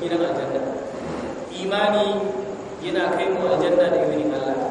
gidan aljanna imani yana kai mu aljanna da izinin Allah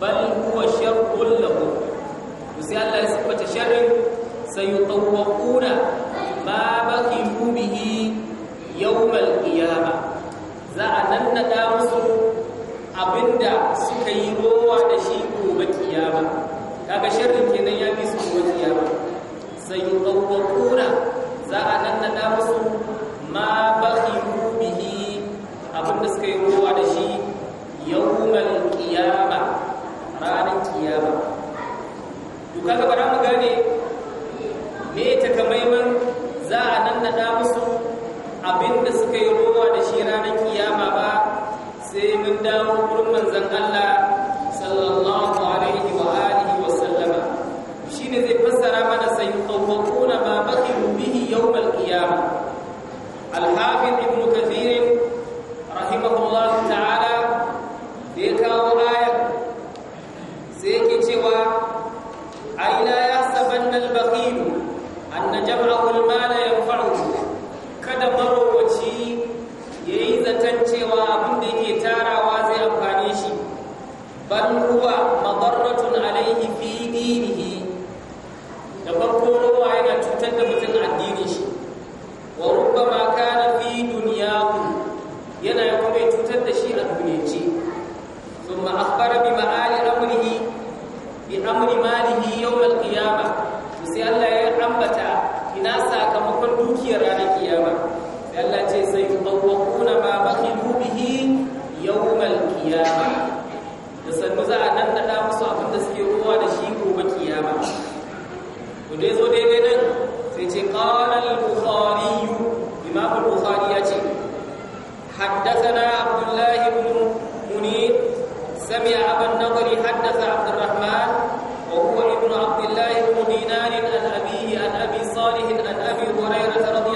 bal huwa sharrun lahum sai Allah ya sifata sharrin sayutawwaquna ma baqiyu bihi yawmal qiyamah za a nannada musu abinda suka yi rowa da shi gobe kiyama kaga sharrin kenan ya fi su gobe kiyama sayutawwaquna za a nannada musu ma baqiyu bihi abinda suka yi rowa da shi yawmal qiyamah ranar kiyama duk kaga bara mu gane me takamaiman za a nannada musu abinda suka yi ruwa da shi ranar kiyama ba sai mun dawo gurin manzan Allah حدثنا عبد الله بن منير سمع أبا النضر حدث عبد الرحمن وهو ابن عبد الله بن دينار عن أبيه عن أبي صالح عن أبي هريرة رضي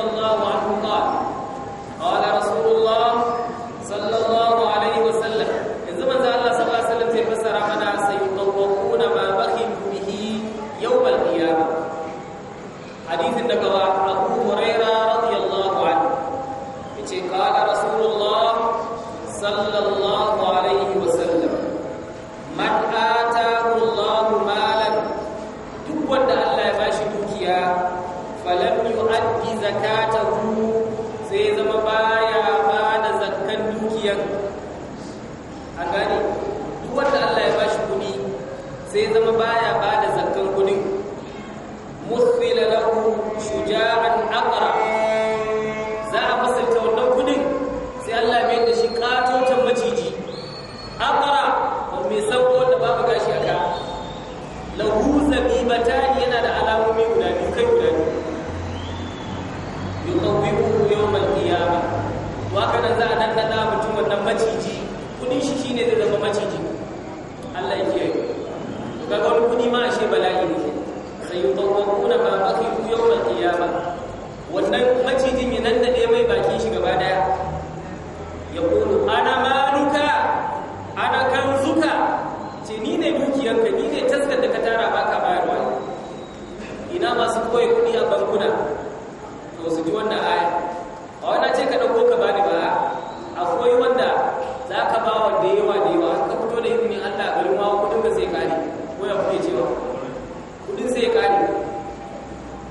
ko ya kuke cewa kudin zai kare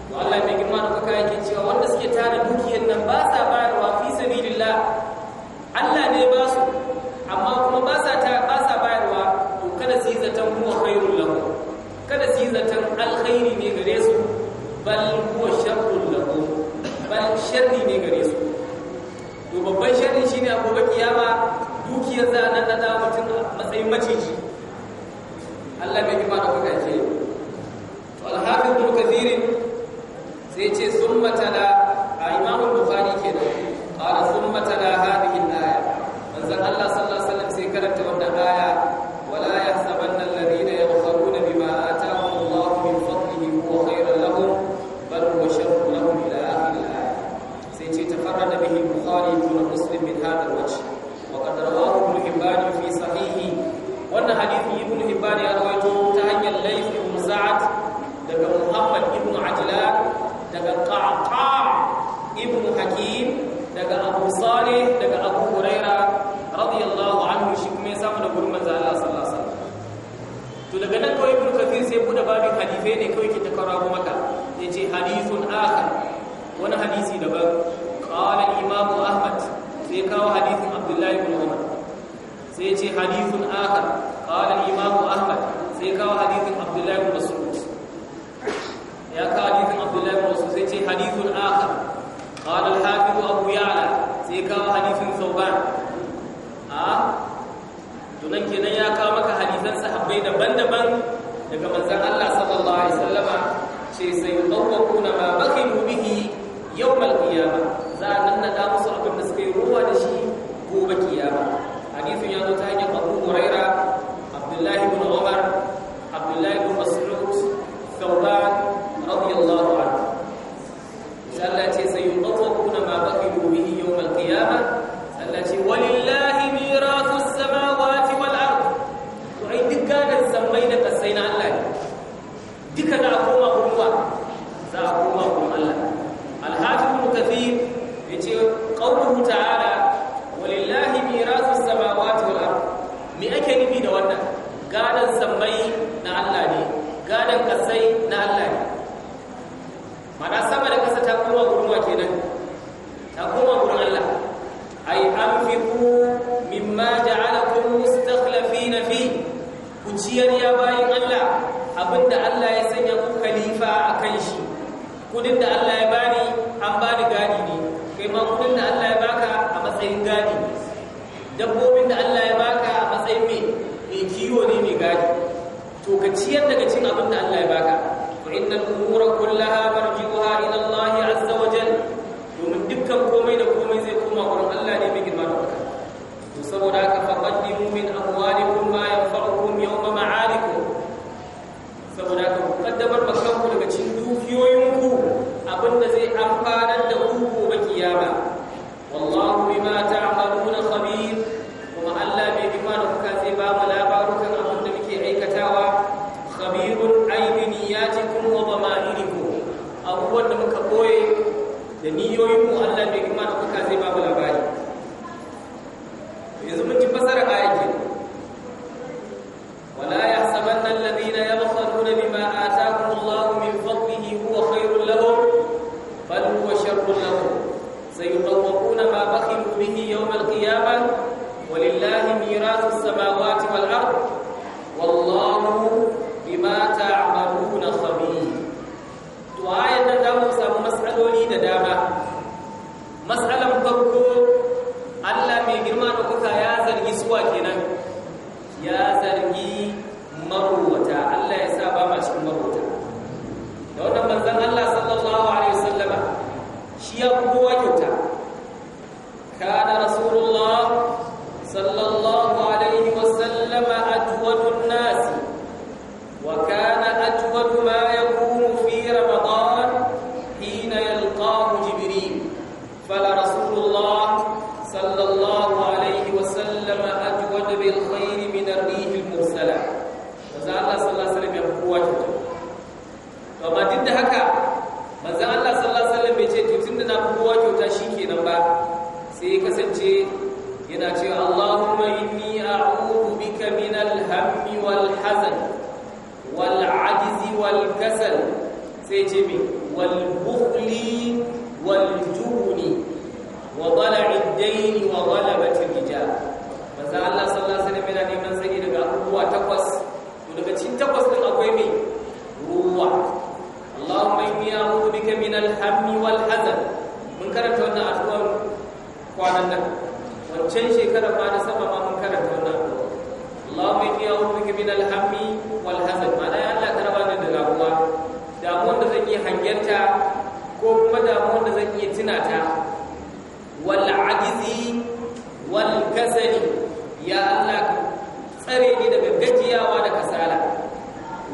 to Allah mai girma da kuka yake cewa wanda suke tara dukiyar nan ba sa bayarwa fi sabilillah Allah ne ba su amma kuma ba sa ta ba sa bayarwa to kada su yi zaton kuma khairul lahu kada su yi zaton alkhairi ne gare su bal huwa sharrul lahu bal sharri ne gare su to babban sharri shine a gobe kiyama dukiyar za a nan da mutum matsayin maciji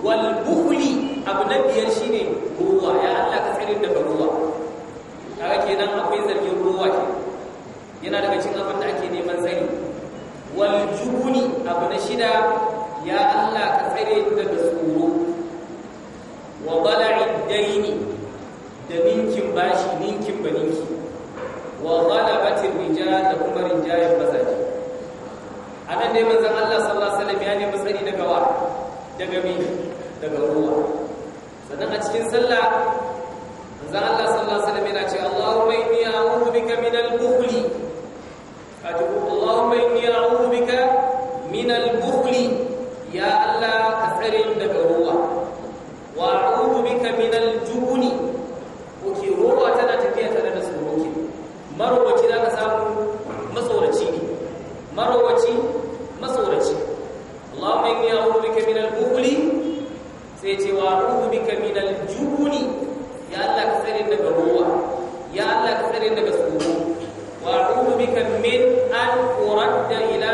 wal bukhli abu na biyar shine ruwa ya Allah ka tsare daga ruwa kaga kenan akwai zargin ruwa ke yana daga cikin abin da ake neman tsari wal jubuni abu na shida ya Allah ka tsare daga tsoro wa bala'id daini da ninkin bashi ninkin baninki wa ghalabatir rijal da kuma rinjayen mazaji anan dai manzon Allah sallallahu alaihi wasallam ya nemi tsari daga wa daga me daga ruwa sannan a cikin sallah manzon Allah sallallahu alaihi wasallam yana ce Allahumma inni a'udhu bika min al-bukhl fatu Allahumma inni a'udhu bika min al-bukhl ya Allah ka tsare ni daga ruwa wa a'udhu bika min al-jubni oke ruwa tana tafiya tare da tsoro marwaci marowaci zaka samu matsoraci ne marwaci sai ce wa ruhu bika min aljubuni ya Allah ka tsare daga ruwa ya Allah ka tsare daga tsoro wa ruhu bika min an uradda ila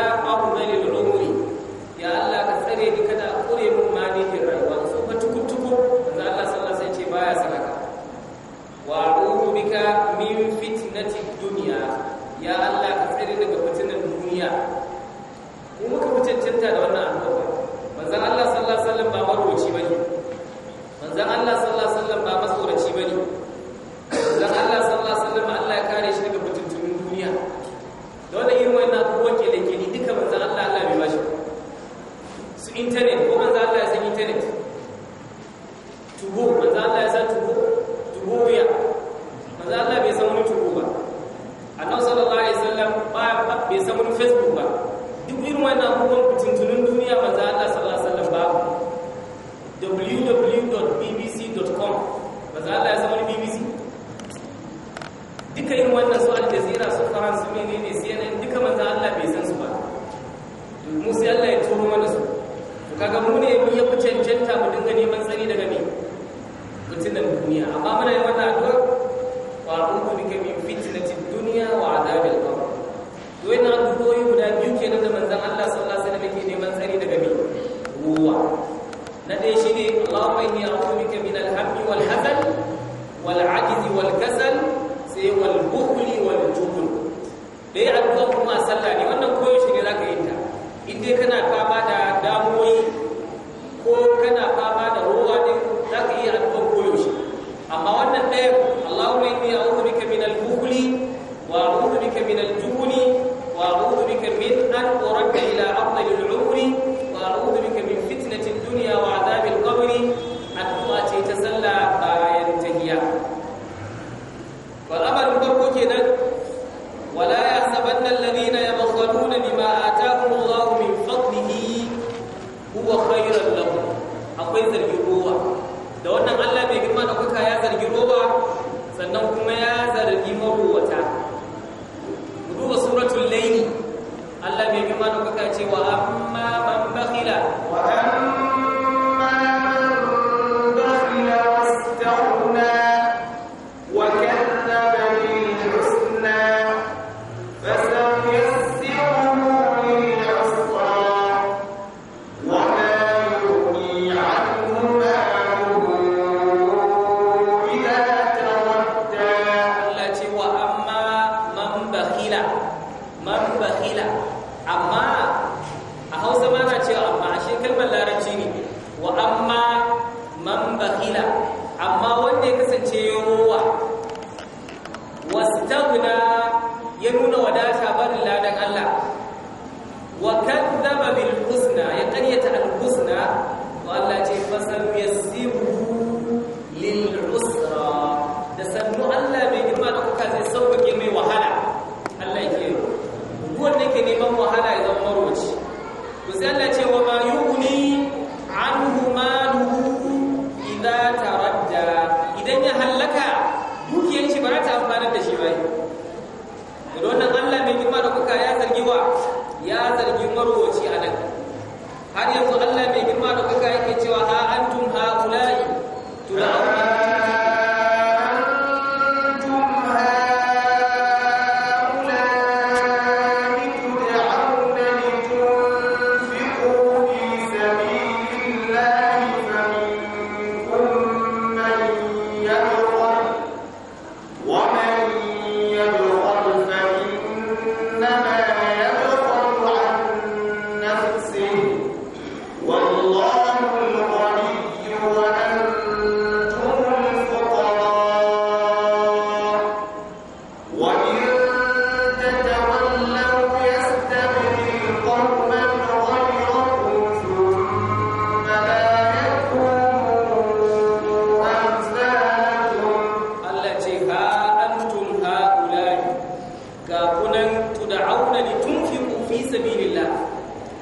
sabilillah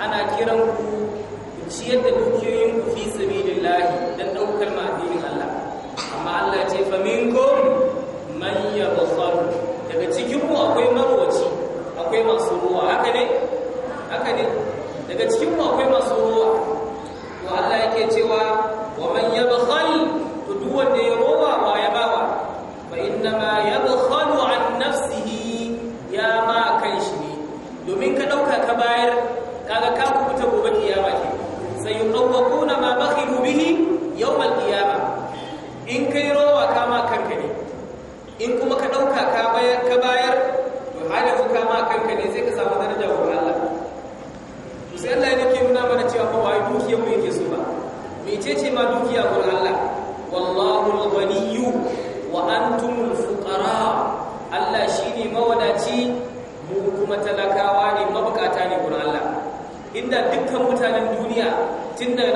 ana kiran ku ku ciyar da dukiyoyin ku fi sabilillah dan daukar ma addinin Allah amma Allah ya ce fa minkum man yabsar daga cikin ku akwai marwaci akwai masu ruwa haka ne haka ne daga cikin ku akwai 진짜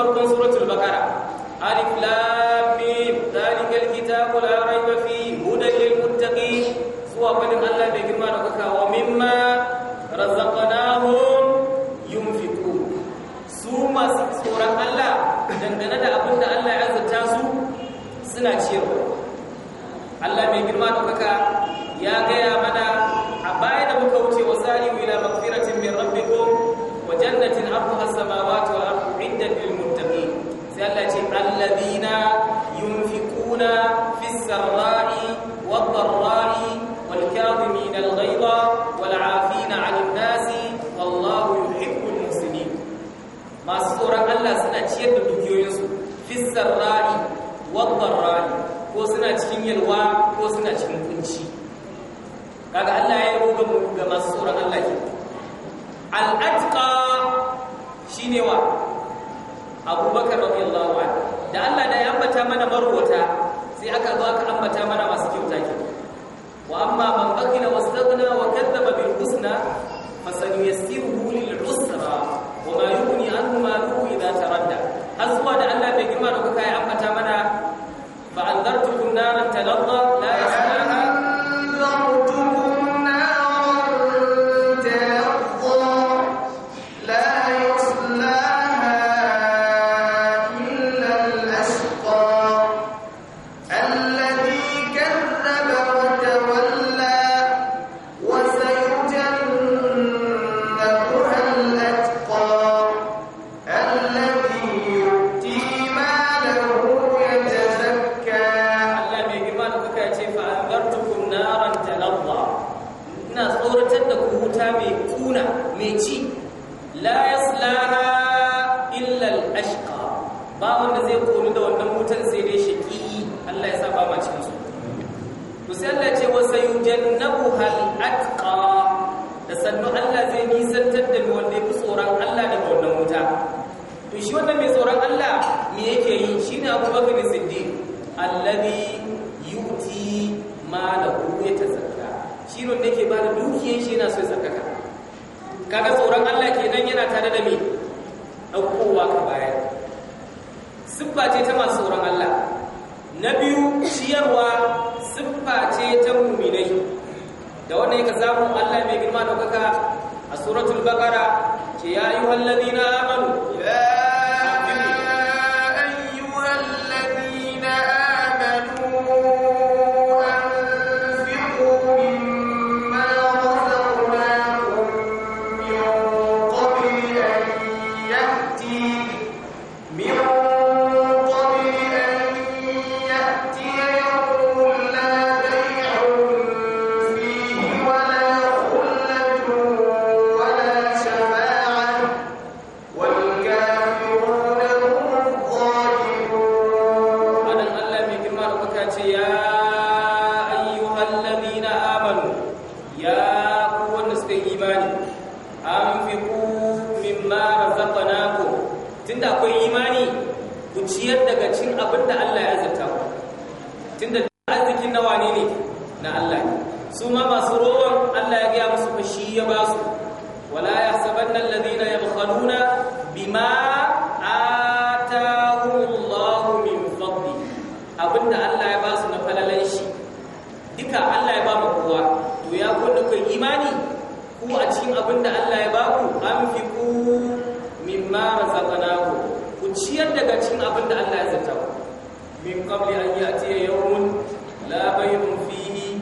farkon suratul baqara alif lam kuna mai ci la yaslaha illa al-ashqa ba wanda zai koni da wannan wutan sai dai shaki Allah ya sa ba ma cikin su to sai Allah ce wa sayujannabuha hal atqa da sannu Allah zai nisantar da mu wanda yafi tsoron Allah da wannan wuta to shi wannan mai tsoron Allah me yake yi shine Abu Bakr Siddiq alladhi yuti malahu yatazakka shi ne yake ba da dukiyar shi yana so ya zakka kaga tsoron Allah kenan yana tare da me ɗaukowa ka bayar siffa ce ta masu tsoron Allah na biyu ciyarwa siffa ce ta muminai da wannan yake samu Allah mai girma ɗaukaka a suratul baqara ke ya ayyuhallazina amanu ya abinda Allah ya ba ku anfiqu mimma razaqnakum ku ciyar daga cikin abinda Allah ya zata ku min qabli an ya'tiya yawmun la bay'un fihi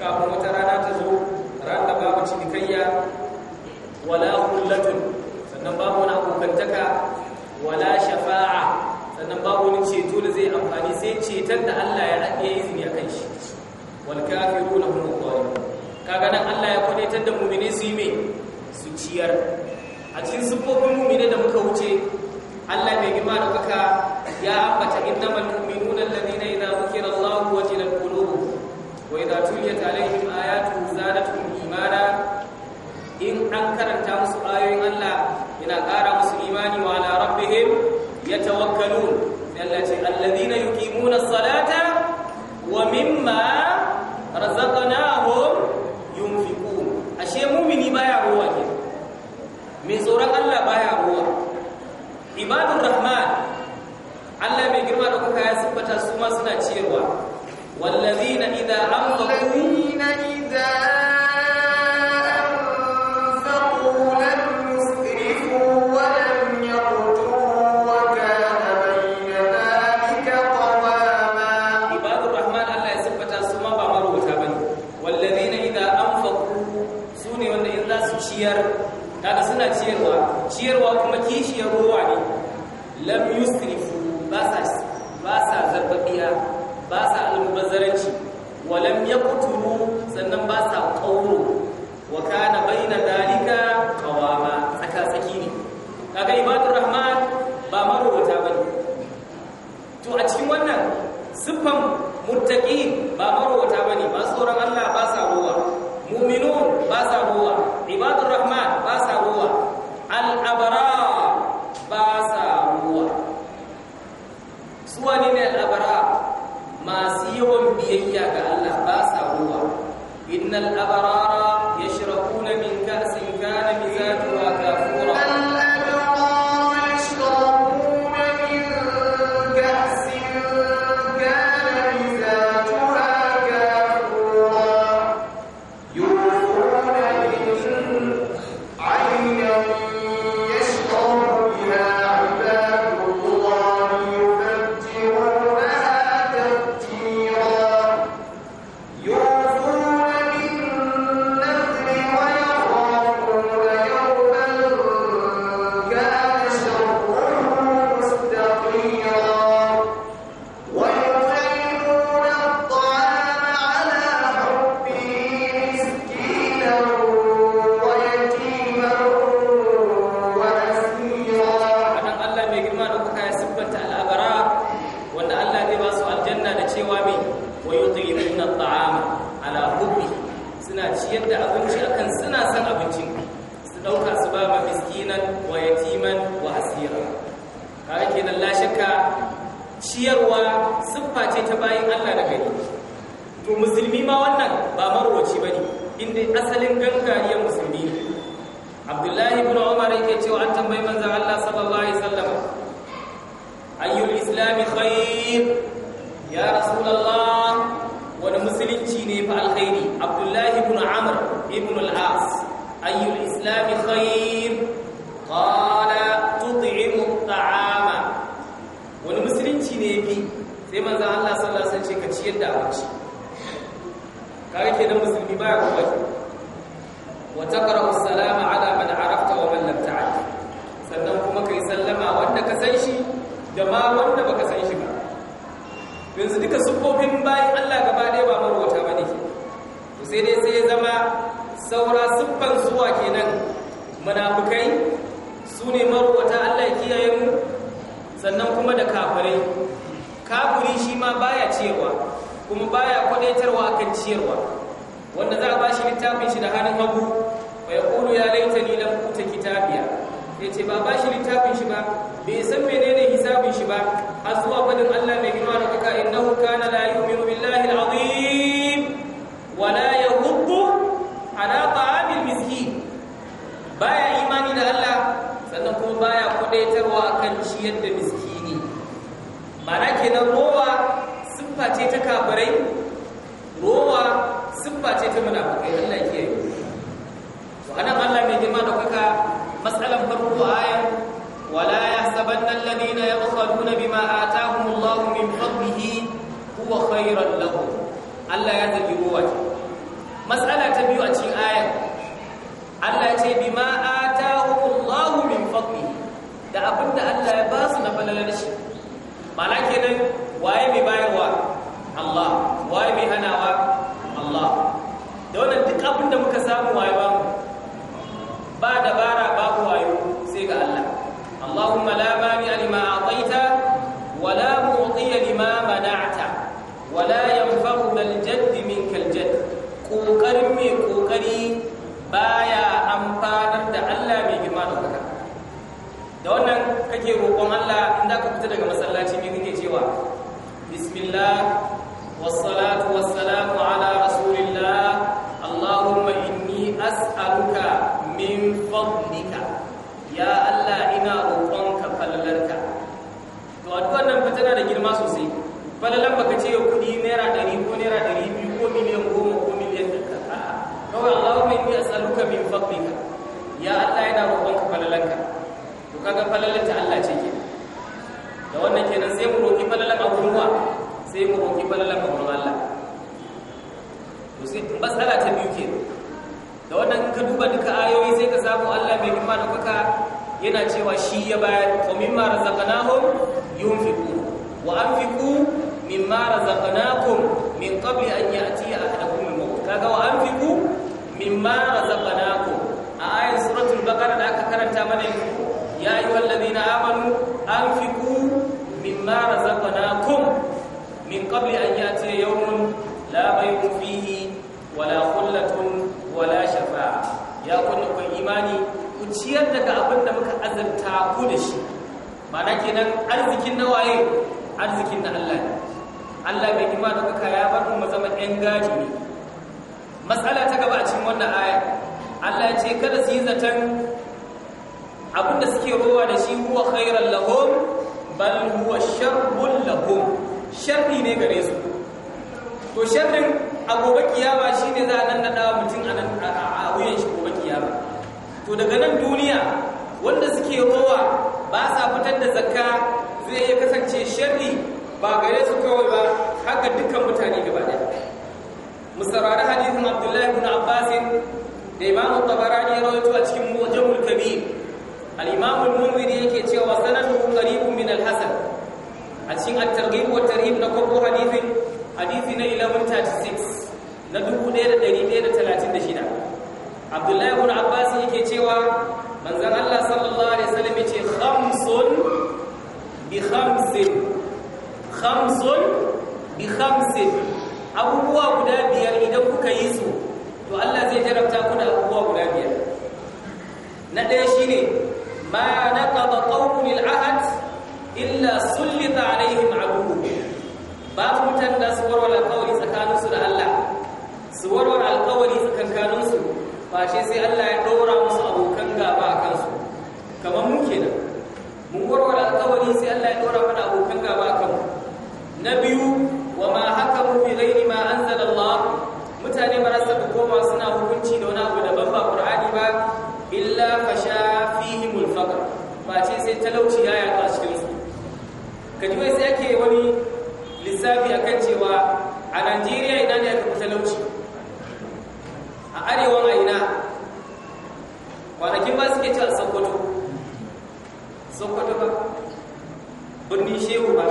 kafin wata rana ta zo ranar babu cinikayya wala kullatun sannan babu wani abokantaka wala shafa'a sannan babu wani ceto da zai amfani sai ceton da Allah ya rabe izini akan shi wal kafiruna hum zalimun kaga nan Allah ya kudatar da mu'mini su yi mai su ciyar a cikin siffofin mu'mini da muka wuce Allah mai gima da muka ya ambata innamal mu'minuna alladhina idza dhukira Allahu wajilat qulubuhum wa idza tuliyat alaihim zana zadatuhum imana in an karanta musu ayoyin Allah yana ƙara musu imani wa ala rabbihim yatawakkalun Allah ce alladhina yuqimuna as-salata ma suna ciyarwa wallazina idza anfaqu أي الإسلام خير يا رسول الله ونمسلم تيني فالخير عبد الله بن عمرو بن العاص أي الإسلام خير قال تطعم الطعام ونمسلم تيني بي سيما الله صلى الله عليه وسلم كتير دعوتي kaga kenan musulmi baya kuma ki wa taqra'u salama ala man arafta wa man lam ta'rif sannan kuma kai sallama wanda ka san shi da ma wanda baka san shi ba yanzu duka siffofin bayan Allah gaba ɗaya ba marwata ba ne. to sai dai sai ya zama saura siffan zuwa kenan munafukai su ne marwata Allah kiyaye mu sannan kuma da kafirai kafiri shi ma baya ciyarwa kuma baya kwadaitarwa akan ciyarwa wanda za a bashi littafin shi da hannun hagu bai kulu ya laita ni lam kuta kitabiya yace ba shi littafin shi ba bai san menene ba har zuwa fadin Allah mai girma da kaka innahu kana la yu'minu billahi al-azim wa la na ala ta'amil miskin baya imani da Allah sannan kuma baya kudaitarwa kan ciyar da miskini mana kenan rowa sun ce ta kafirai rowa siffa ce ta munafikai Allah yi kiyaye anan Allah mai girma da kaka matsalan farko ayan ولا يحسبن الذين يبخلون بما آتاهم الله من فضله هو خيرا لهم الله يذكي مسألة تبيو أتي آية الله بما آتاهم الله من فضله da abinda Allah ya ba su na falalar shi mana kenan waye mai bayarwa Allah waye mai hanawa Allah da wannan duk abinda muka samu waye sharri ne gare su to sharrin a gobe kiyama shine za a nan nada mutum a nan a wuyan shi gobe kiyama to daga nan duniya wanda suke rowa ba sa fitar da zakka zai iya kasance sharri ba gare su kawai ba haka dukkan mutane gaba ɗaya musarrari hadisin abdullahi ibn abbas da imam tabarani ya rawaito a cikin mu'jamul kabir al-imam al-munziri yake cewa sanadu qaribun min al-hasan a cikin at-targhib wa tarhib na koko hadithin hadithi na 1136 na 1136 Abdullahi ibn Abbas yake cewa manzon Allah sallallahu alaihi wasallam yace khamsun bi khamsin khamsun bi khamsin abubuwa guda biyar idan kuka yi su to Allah zai jarabta ku da abubuwa guda biyar na ɗaya shine ma naqada qawmul ahad illa sullita alaihim aduhu Ba mutan da su warware alkawari tsakaninsu da Allah su warware alkawari tsakankaninsu face sai Allah ya ɗora musu abokan gaba a kansu kamar mu kenan mun warware alkawari sai Allah ya ɗora mana abokan gaba a kanmu na biyu wa ma hakamu fi ghairi ma anzalallah mutane marasa za koma suna hukunci da wani abu daban ba Qur'ani ba illa fasha fihimul faqr face sai talauci ya yaɗa cikin kaji wai sai ake wani lissafi akan cewa a najeriya ina ne aka fi talauci a arewa a ina kwanakin ba suke ci a sokoto sokoto ba birni shehu ba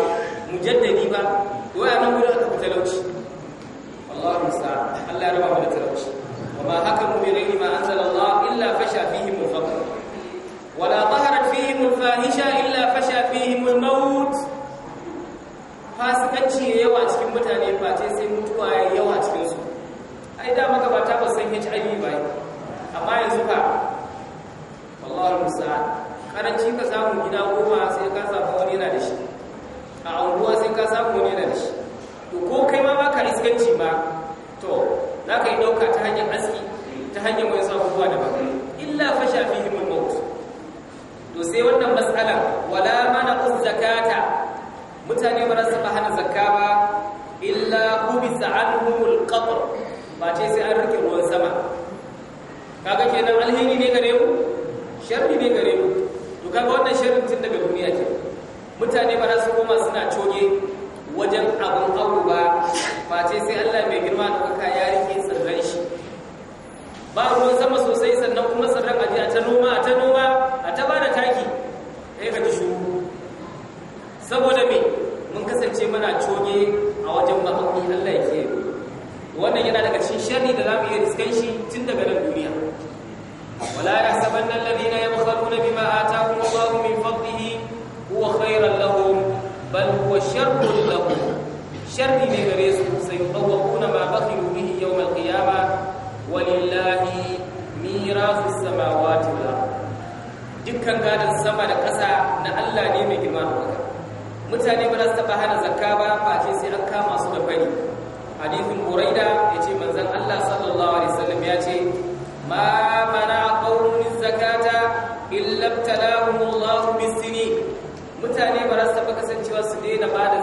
mujaddadi ba wai a nan gudun aka fi talauci Allah Allah ya rufa mu talauci wa ma haka mu bi ghairi ma anzala Allah illa fasha fihi mutane face sai mutuwa ya yawa cikinsu ai da maka ba ta san hiv ba amma yanzu ka wallahu musa karanci ka samu gida goma sai ka samu wani yana da shi a unguwa sai ka samu wani yana da shi to ko kai ma baka iskanci ba to za ka yi ɗauka ta hanyar aski ta hanyar wani kuwa da baka illa fasha fihimul maut to sai wannan matsala wala mana zakata mutane ba za su ba hana zakka ba anhumul qatr ba ce sai an rike ruwan sama kaga kenan alheri ne gare mu sharri ne gare mu to kaga wannan sharri tun daga duniya ce mutane ba za su koma suna coge wajen abun abu ba ba ce sai Allah mai girma da kuka ya rike tsirran shi ba ruwan sama sosai sannan kuma tsirran aje a ta noma a ta noma riskan shi tun daga nan duniya wala yahsabanna alladhina na bima a ataakum Allahu min fadlihi huwa khayran lahum bal huwa sharrun lahum sharri ne gare su sayutawwaquna ma bakhilu bihi yawm al-qiyamah walillahi mirasu sama wata ardh dukkan gadon sama da ƙasa na Allah ne mai girma mutane ba za su taba hana zakka ba face sai an kama su da fari hadithin buraida ya ce manzan Allah sallallahu alaihi wasallam ya ce ma mana qaumun zakata illa talahum bisini mutane ba za su taba kasancewa su daina bada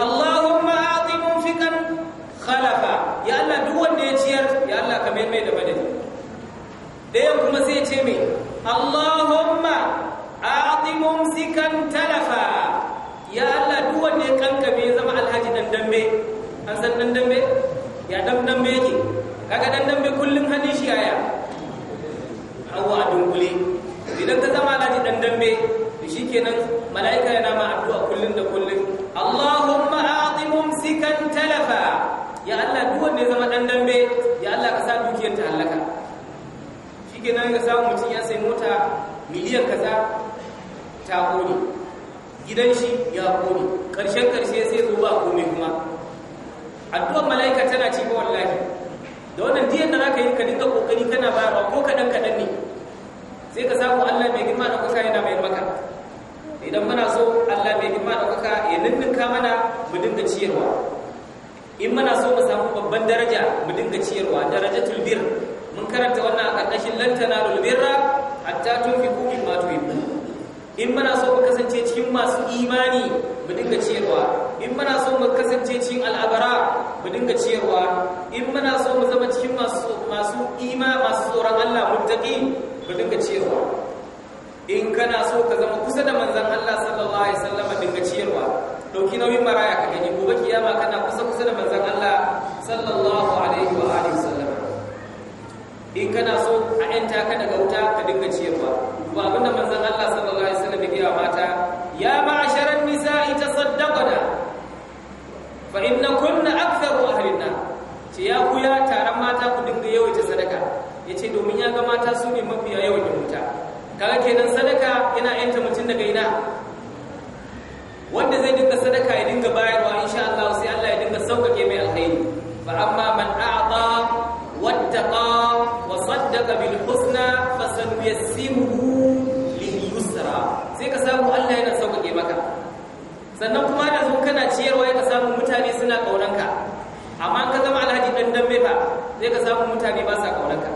Allahumma a'ti munfiqan khalafa ya Allah duk wanda ya ciyar ya Allah ka mai mai da madadi dayan kuma sai ya ce me Allahumma a'ti mumsikan talafa ya Allah duk wanda ya kankame zama alhaji dan dambe an san dan dambe ya dan dambe yake kaga dan dambe kullum hali shi yaya hawa a dunkule idan ka zama alhaji dan dambe to shikenan mala'ika yana ma wata miliyan kaza ta kone gidan shi ya kone ƙarshen ƙarshe sai zo ba komai kuma addu'ar mala'ika tana ci ba wallahi da wannan diyan da zaka yi ka dinga kokari kana bayarwa ko kaɗan kaɗan ne sai ka samu Allah mai girma da kuka yana mai maka idan muna so Allah mai girma da kuka ya ninninka mana mu dinga ciyarwa in muna so mu samu babban daraja mu dinga ciyarwa darajatul bir mun karanta wannan a ƙarƙashin lantana lulbirra hatta tunfiqu mimma tuhibbu in muna so mu kasance cikin masu imani mu dinga ciyarwa in muna so mu kasance cikin al'abara mu dinga ciyarwa in muna so mu zama cikin masu masu ima masu tsoron Allah muttaqi mu dinga ciyarwa in kana so ka zama kusa da manzon Allah sallallahu alaihi wasallam dinga ciyarwa dauki nauyin maraya ka gani gobe kiyama kana kusa kusa da manzon Allah sallallahu alaihi in kana so a yanta ka daga wuta ka dinga ciyarwa ba abinda manzon Allah sallallahu alaihi wasallam yake wa mata ya ma'asharan nisa'i tasaddaqna fa innakunna aktharu ahli an ce ya ku ya taron mata ku dinga yawaita sadaka yace domin ya ga mata su ne mafiya yawan wuta kaga kenan sadaka yana yanta mutun daga ina wanda zai dinga sadaka ya dinga bayarwa insha Allah sai Allah ya dinga sauƙaƙe mai alkhairi fa amma laka bil husna fasanuyassimuhu lil yusra sai ka samu Allah yana sauƙaƙe maka sannan kuma da zo kana ciyarwa ya ka samu mutane suna ƙaunanka amma ka zama alhaji dan dambe fa sai ka samu mutane ba sa ƙaunanka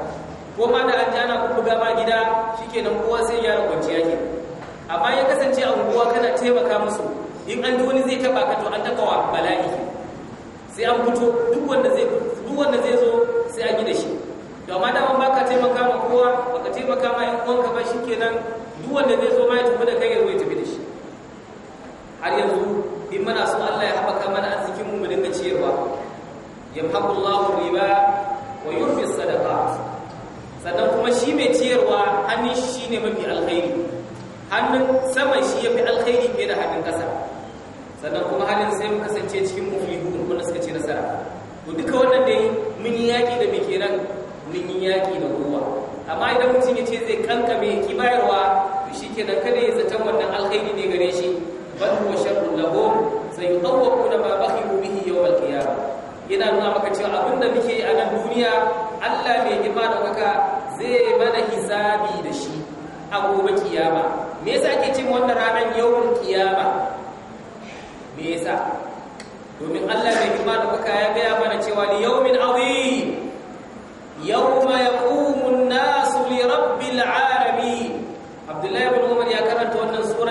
ko ma da an ji ana bubbuga ba gida shikenan kowa sai ya kwanciya yake amma ya kasance a unguwa kana taimaka musu in an ji wani zai taba ka to an taka wa bala'i sai an fito duk wanda zai duk wanda zai zo sai a yi da shi da ma taimaka ma kowa baka taimaka ma yan uwanka ba shikenan duk wanda zai zo ma ya tafi da kai ya zo tafi da shi har yanzu in muna son Allah ya haɓaka mana arzikin mu mu dinga ciyarwa yamhaqullahu riba wa yurfi sadaqat sannan kuma shi mai ciyarwa hannun shi ne mafi alkhairi hannun sama shi yafi alkhairi fiye da hannun ƙasa sannan kuma hannun sai mu kasance cikin muflihun wanda suka ci nasara to duka wannan dai mun yi yaƙi da muke nan. mun yi yaƙi da ruwa amma idan mutum ya ce zai kankame ki bayarwa to shi kenan kada ya zaton wannan alkhairi ne gare shi bal huwa sharrun lahum sayutawwaquna ma bakhiru bihi yawm al-qiyamah yana nuna maka cewa abin da muke yi a nan duniya Allah mai girma da kaka zai mana hisabi da shi a gobe kiyama me yasa ake cin wannan ranar yawon kiyama me yasa domin Allah mai girma da kaka ya gaya mana cewa li yawmin azim yawma yaqumu an-nasu li rabbil alamin abdullahi ibn umar ya karanta wannan sura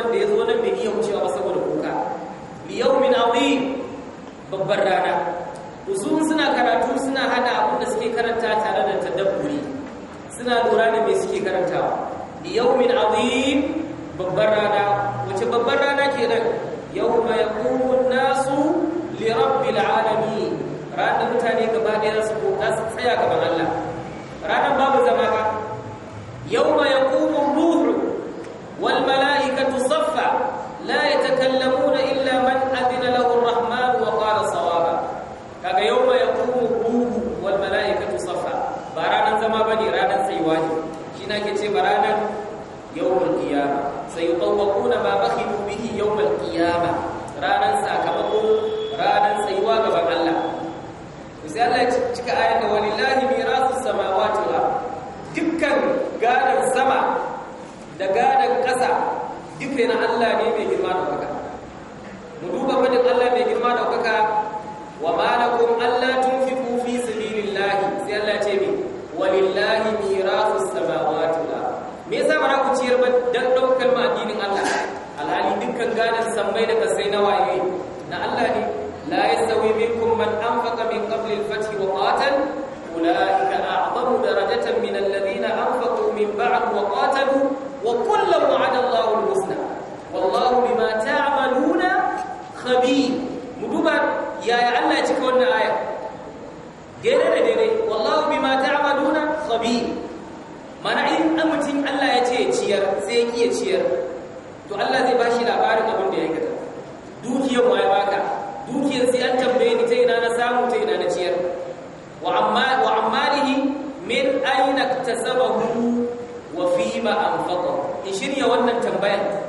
iktasabahu wa fima anfaqa in shirya wannan tambayar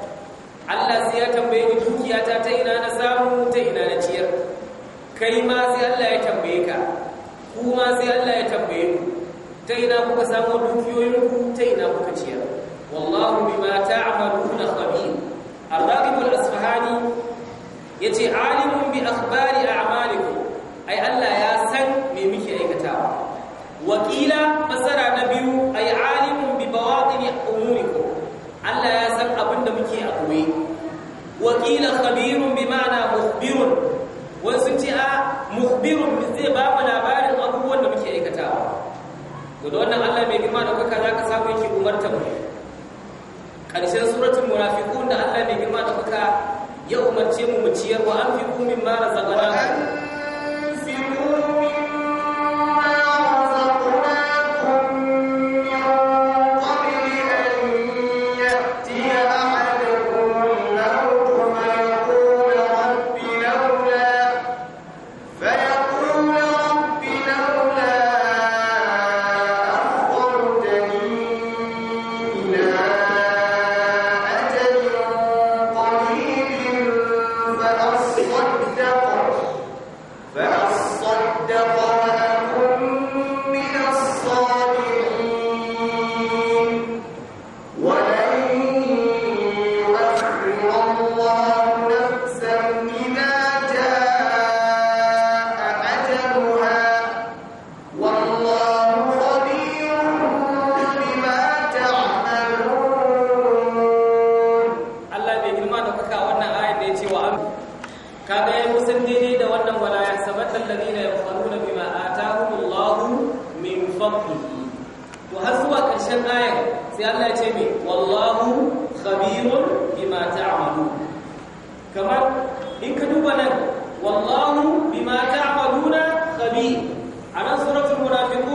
Allah sai ya tambaye ni dukiyata ta ina na samu ta ina na ciyar kai ma sai Allah ya tambaye ka ku ma sai Allah ya tambaye ku ta ina kuka samu dukiyoyinku ta ina kuka ciyar wallahu bima ta'maluna khabir ar-raqib al-asfahani yace alimun bi akhbari a'malikum ai Allah ya san me muke aikatawa wakila masara na biyu ay alimun ne a umurikum Allah ya san abin da muke a koyi wakila khabirun bi ma'ana mukhbirun wasu ce a mukhbirun zai ba mu labarin abubuwan da muke aikatawa to da wannan Allah mai girma da kuka zaka samu yake umarta mu karshen suratul munafiqun da Allah mai girma da kuka ya umarce mu mu ciyar wa anfiqu mimma razaqnakum Ka kaga yayi kusan daidai da wannan wala ya sabata alladhina yaquluna bima atahumullahu min fadlihi to har zuwa ƙarshen ayar sai Allah ya ce me wallahu khabirun bima ta'malun kamar in ka duba nan wallahu bima ta'maluna Khabi, a nan suratul munafiqun